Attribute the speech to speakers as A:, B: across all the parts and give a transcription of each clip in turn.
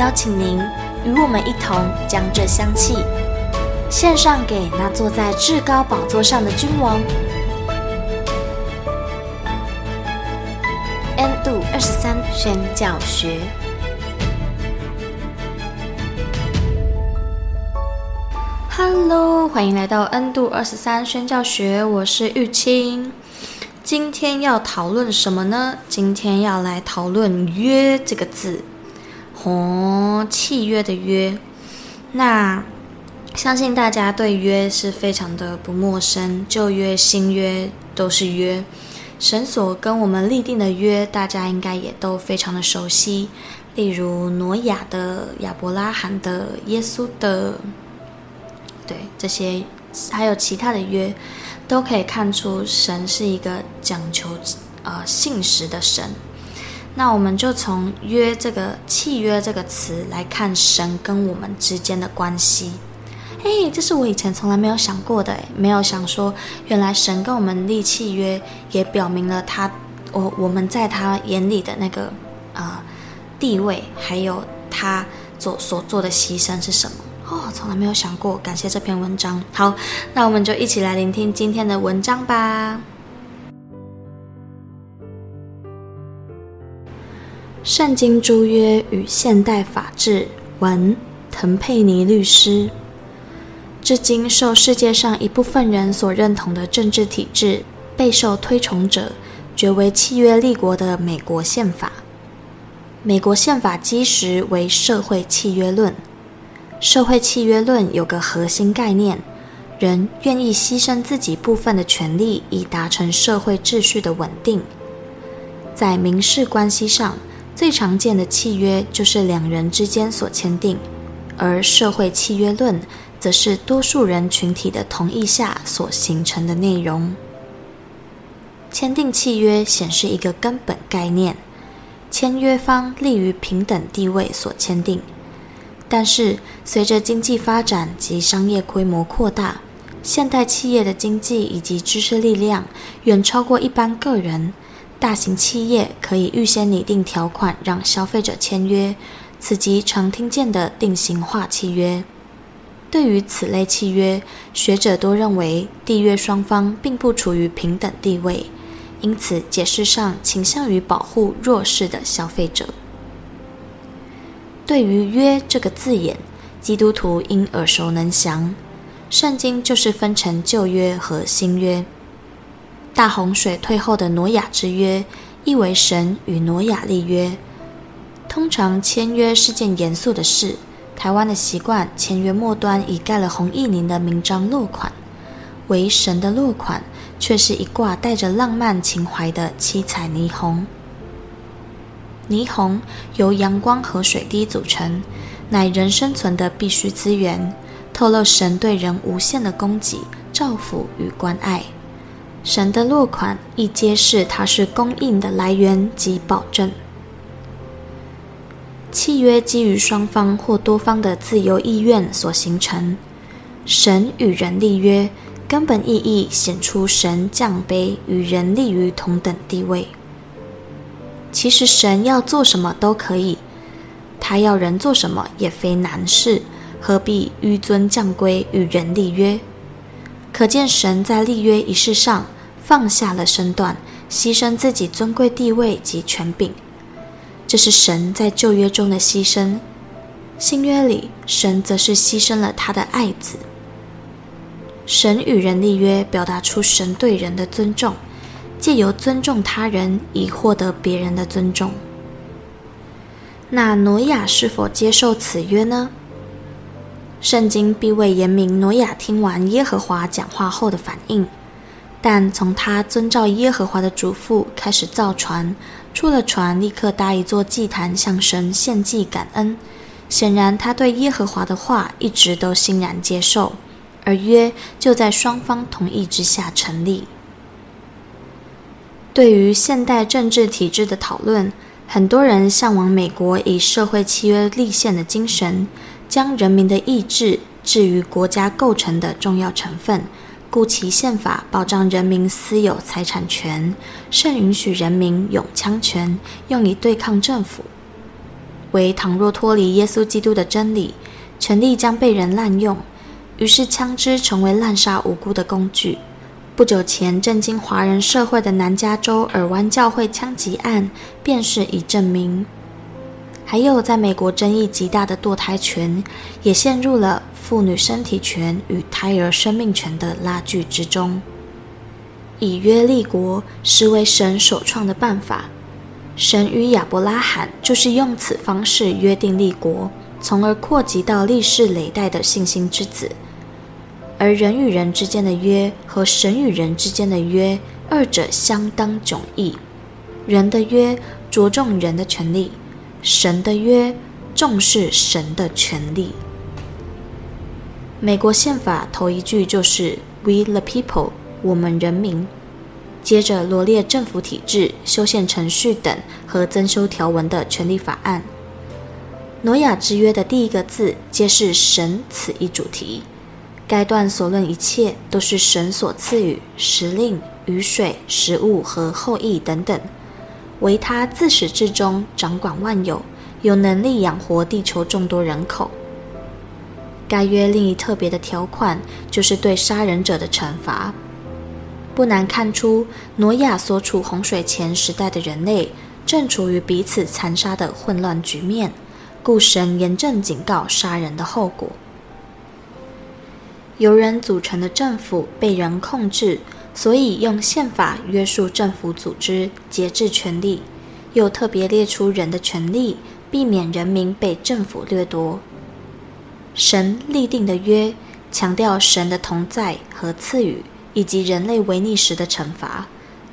A: 邀請您與我們一同將這香氣獻上給那坐在至高寶座上的君王。n 度二十三宣教學。哈嘍，歡迎來到 n 度二十三宣教學，我是玉清。今天要討論什麼呢？今天要來討論“約”這個字。和、哦、契約的約，那相信大家對約是非常的不陌生，舊約、新約都是約。神所跟我們立定的約，大家應該也都非常的熟悉，例如挪亞的、亞伯拉罕的、耶穌的，對這些還有其他的約，都可以看出神是一個講求呃信實的神。那我們就從“約”這個契約這個詞來看神跟我們之間的關係。哎，這是我以前從來沒有想過的誒，沒有想說原來神跟我們立契約，也表明了他我我們在他眼裡的那個啊，呃，地位，還有他做所，所做的犧牲是什麼。哦，從來沒有想過，感謝這篇文章。好，那我們就一起來聆聽今天的文章吧。聖經諸約與現代法治，文滕佩尼律師。至今受世界上一部分人所認同的政治體制，備受推崇者，絕為契約立國的美國憲法。美國憲法基石為社會契約論。社會契約論有個核心概念：人願意犧牲自己部分的權利，以達成社會秩序的穩定。在民事關係上，最常見的契約就是兩人之間所簽訂，而社會契約論則是多數人群體的同意下所形成的內容。簽訂契約顯示一個根本概念，簽約方立於平等地位所簽訂。但是，隨着經濟發展及商業規模擴大，現代企業的經濟以及知識力量遠超過一般個人。大型企業可以預先擬定條款讓消費者簽約，此即常聽見的定型化契約。對於此類契約，學者都認為締約雙方並不處於平等地位，因此解釋上傾向於保護弱勢的消費者。對於“約”這個字眼，基督徒應耳熟能詳，聖經就是分成舊約和新約。大洪水退後的挪亞之約，意為神與挪亞立約。通常簽約是件嚴肅的事，台灣的習慣，簽約末端已蓋了洪義寧的名章落款。為神的落款，卻是一掛帶着浪漫情懷的七彩霓虹。霓虹由陽光和水滴組成，乃人生存的必需資源，透露神對人無限的供給、照拂與關愛。神的落款亦揭示他是供應的來源及保證。契約基於雙方或多方的自由意願所形成，神與人立約，根本意義顯出神降卑與人立於同等地位。其實神要做什麼都可以，他要人做什麼也非難事，何必屈尊降貴與人立約？可見神在立約儀式上放下了身段，犧牲自己尊貴地位及權柄，這是神在舊約中的犧牲。新約裡，神則是犧牲了他的愛子。神與人立約，表達出神對人的尊重，借由尊重他人，以獲得別人的尊重。那挪亞是否接受此約呢？聖經並未言明挪亞聽完耶和華講話後的反應，但從他遵照耶和華的囑咐開始造船，出了船立刻搭一座祭壇向神獻祭感恩，顯然他對耶和華的話一直都欣然接受。而約就在雙方同意之下成立。對於現代政治體制的討論，很多人向往美國以社會契約立憲的精神。將人民的意志置於國家構成的重要成分，故其憲法保障人民私有財產權，甚允許人民擁槍權，用以對抗政府。為倘若脫離耶穌基督的真理，權力將被人濫用，於是槍支成為濫殺無辜的工具。不久前，震驚華人社會的南加州爾灣教會槍擊案，便是以證明。還有，在美國爭議極大的墮胎權，也陷入了婦女身體權與胎兒生命權的拉鋸之中。以約立國是為神首創的辦法，神與亞伯拉罕就是用此方式約定立國，從而擴及到歷世累代的信心之子。而人與人之間的約和神與人之間的約，二者相當迥異。人的約着重人的權利。神的約重視神的權利。美國憲法頭一句就是 "We the people"，我們人民。接着羅列政府體制、修憲程序等和增修條文的權利法案。挪亞之約的第一個字揭示神此一主題。該段所論一切都是神所賜予，時令、雨水、食物和後裔等等。唯他自始至終掌管萬有，有能力養活地球眾多人口。該約另一特別的條款就是對殺人者的懲罰。不難看出，挪亞所處洪水前時代的人類正處於彼此殘殺的混亂局面，故神嚴正警告殺人的後果。由人組成的政府被人控制。所以用憲法約束政府組織，節制權力，又特別列出人的權利，避免人民被政府掠奪。神立定的約，強調神的同在和賜予，以及人類違逆時的懲罰，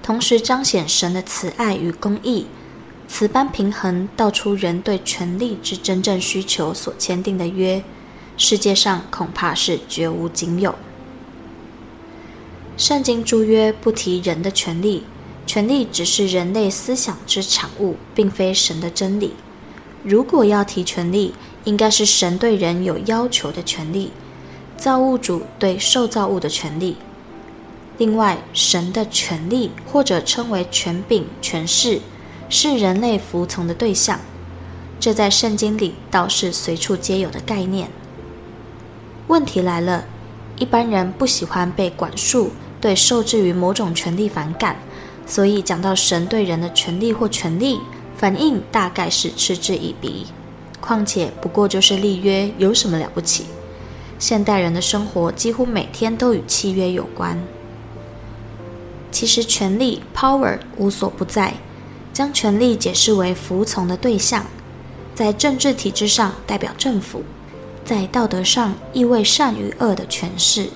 A: 同時彰顯神的慈愛與公義。此般平衡，道出人對權力之真正需求所簽訂的約，世界上恐怕是絕無僅有。聖經諸約不提人的權利，權利只是人類思想之產物，並非神的真理。如果要提權利，應該是神對人有要求的權利，造物主對受造物的權利。另外，神的權利或者稱為權柄、權勢，是人類服從的對象。這在聖經裡倒是隨處皆有的概念。問題來了，一般人不喜歡被管束，對受制於某種權力反感，所以講到神對人的權力或權利反應，大概是嗤之以鼻。況且不過就是立約，有什麼了不起？現代人的生活幾乎每天都與契約有關。其實權力 power 無所不在，將權力解釋為服從的對象，在政治體制上代表政府，在道德上意味善與惡的詮釋。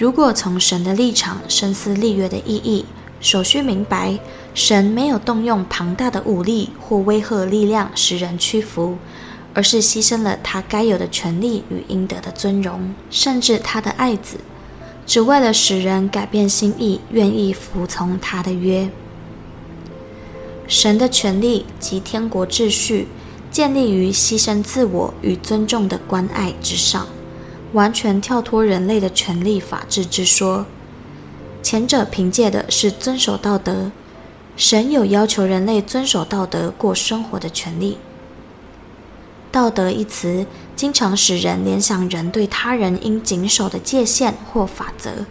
A: 如果從神的立場深思立約的意義，首需明白，神沒有動用龐大的武力或威嚇力量使人屈服，而是犧牲了他該有的權利與應得的尊榮，甚至他的愛子，只為了使人改變心意，願意服從他的約。神的權利及天國秩序，建立於犧牲自我與尊重的關愛之上。完全跳脫人類的權利法治之說，前者憑借的是遵守道德，神有要求人類遵守道德過生活的權利。道德一詞經常使人聯想人對他人應謹守的界限或法則。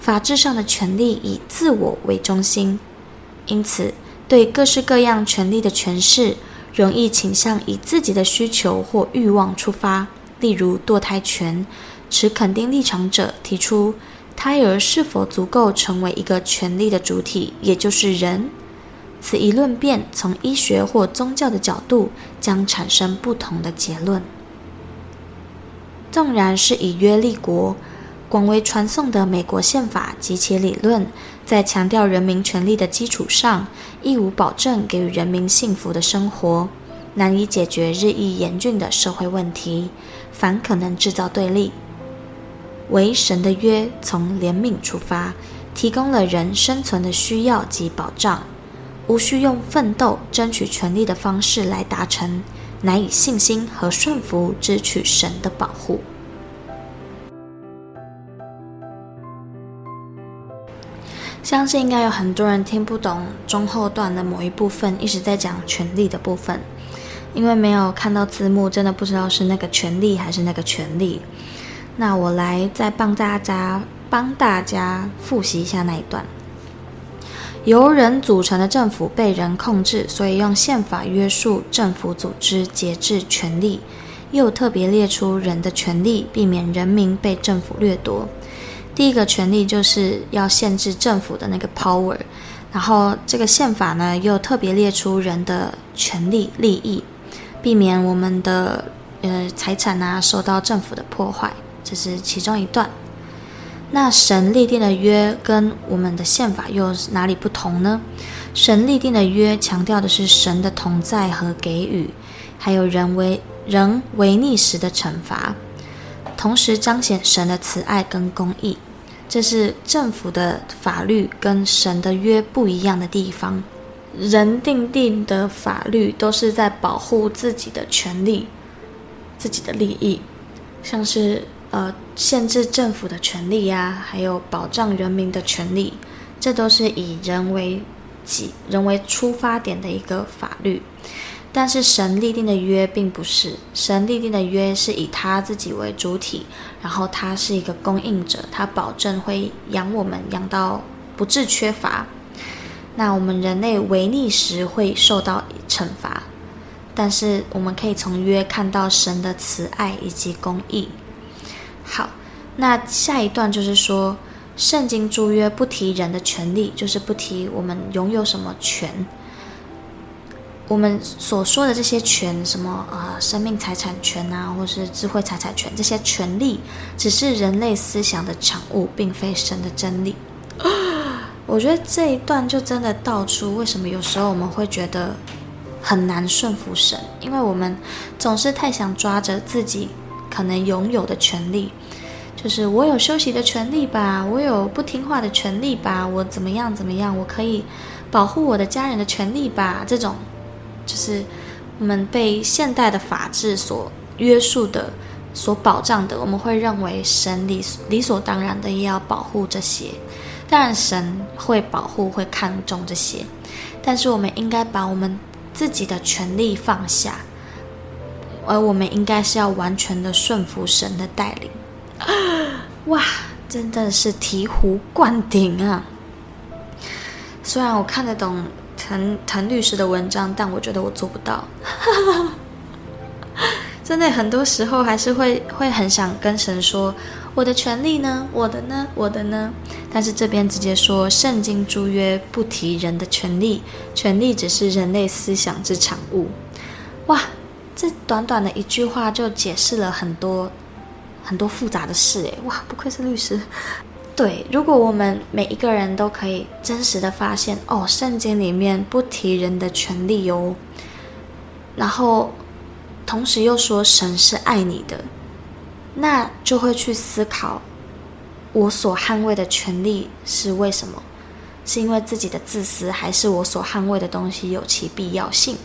A: 法治上的權利以自我為中心，因此對各式各樣權利的詮釋，容易傾向以自己的需求或欲望出發。例如墮胎權，持肯定立場者提出，胎兒是否足夠成為一個權利的主體，也就是人。此一論辯從醫學或宗教的角度，將產生不同的結論。縱然是以約立國，廣為傳頌的美國憲法及其理論，在強調人民權利的基礎上，亦無保證給予人民幸福的生活。難以解決日益嚴峻的社會問題，反可能製造對立。為神的約從憐憫出發，提供了人生存的需要及保障，無需用奮鬥爭取權利的方式來達成，乃以信心和順服支取神的保護。相信應該有很多人聽不懂中後段的某一部分，一直在講權利的部分。因為沒有看到字幕，真的不知道是那個權利還是那個權利。那我來再幫大家幫大家複習一下那一段：由人組成的政府被人控制，所以用憲法約束政府組織，節制權力；又特別列出人的權利，避免人民被政府掠奪。第一個權利就是要限制政府的那個 power，然後這個憲法呢又特別列出人的權利利益。避免我們的呃財產吶、啊、受到政府的破壞，這是其中一段。那神立定的約跟我們的憲法又哪裡不同呢？神立定的約強調的是神的同在和給予，還有人違、人違逆時的懲罰，同時彰顯神的慈愛跟公義。這是政府的法律跟神的約不一樣的地方。人定定的法律，都是在保護自己的權利、自己的利益，像是呃限制政府的權利呀、啊，還有保障人民的權利，這都是以人為己、人為出發點的一個法律。但是神立定的約並不是，神立定的約是以他自己為主體，然後他是一個供應者，他保證會養我們，養到不致缺乏。那我們人類違逆時會受到懲罰，但是我們可以從約看到神的慈愛以及公義。好，那下一段就是說，聖經諸約不提人的權利，就是不提我們擁有什麼權。我們所說的這些權，什麼呃生命財產權啊，或是智慧財產權，這些權利只是人類思想的產物，並非神的真理。我覺得這一段就真的道出為什麼有時候我們會覺得很難順服神，因為我們總是太想抓着自己可能擁有的權利，就是我有休息的權利吧，我有不聽話的權利吧，我怎麼樣怎麼樣，我可以保護我的家人的權利吧。這種就是我們被現代的法治所約束的、所保障的，我們會認為神理理所當然的也要保護這些。當然，神會保護、會看重這些，但是我們應該把我們自己的權利放下，而我們應該是要完全的順服神的帶領。哇，真的是醍醐灌頂啊！雖然我看得懂滕滕律師的文章，但我覺得我做不到。 真的很多時候還是會會很想跟神說，我的權利呢？我的呢？我的呢？但是這邊直接說，聖經諸約不提人的權利，權利只是人類思想之產物。哇，這短短的一句話就解釋了很多很多複雜的事，誒，哇，不愧是律師。對，如果我們每一個人都可以真實的發現，哦，聖經裡面不提人的權利哦，然後。同時又說神是愛你的，那就會去思考，我所捍衛的權利是為什麼？是因為自己的自私，還是我所捍衛的東西有其必要性？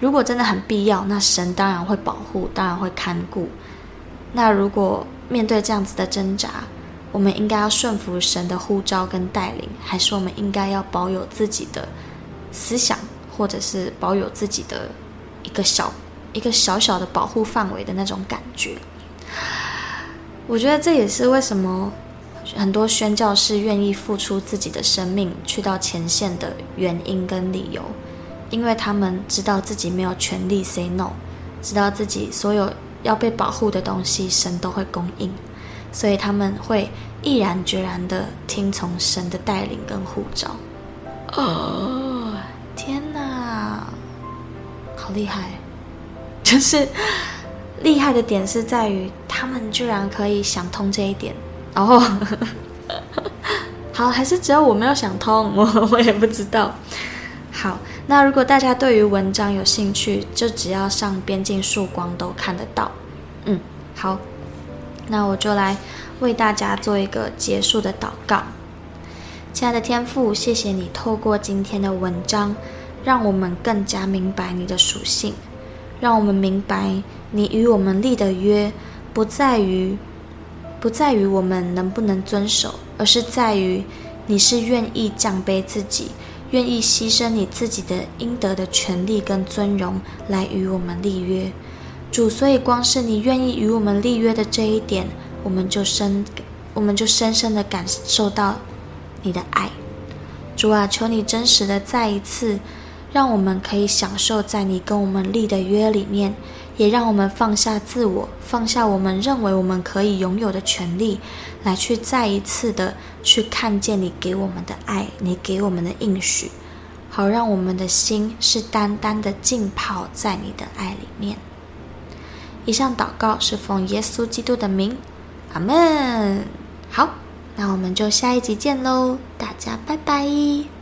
A: 如果真的很必要，那神當然會保護，當然會看顧。那如果面對這樣子的掙扎，我們應該要順服神的呼召跟帶領，還是我們應該要保有自己的思想，或者是保有自己的一個小？一個小小的保護範圍的那種感覺，我覺得這也是為什麼很多宣教士願意付出自己的生命去到前線的原因跟理由，因為他們知道自己沒有權利 say no，知道自己所有要被保護的東西神都會供應，所以他們會毅然決然的聽從神的帶領跟呼召。哦，天哪，好厲害！就是厲害的點是在於，他們居然可以想通這一點。然、oh, 後， 好還是只有我沒有想通，我我也不知道。好，那如果大家對於文章有興趣，就只要上邊境曙光都看得到。嗯，好，那我就來為大家做一個結束的禱告。親愛的天父，謝謝你透過今天的文章，讓我們更加明白你的屬性。讓我們明白，你與我們立的約，不在於，不在於我們能不能遵守，而是在於，你是願意降卑自己，願意犧牲你自己的應得的權利跟尊榮來與我們立約，主，所以光是你願意與我們立約的這一點，我們就深，我們就深深的感受到你的愛，主啊，求你真實的再一次。讓我們可以享受在你跟我們立的約裡面，也讓我們放下自我，放下我們認為我們可以擁有的權利，來去再一次的去看見你給我們的愛，你給我們的應許，好讓我們的心是單單的浸泡在你的愛裡面。以上禱告是奉耶穌基督的名，阿們。好，那我們就下一集見嘍，大家拜拜。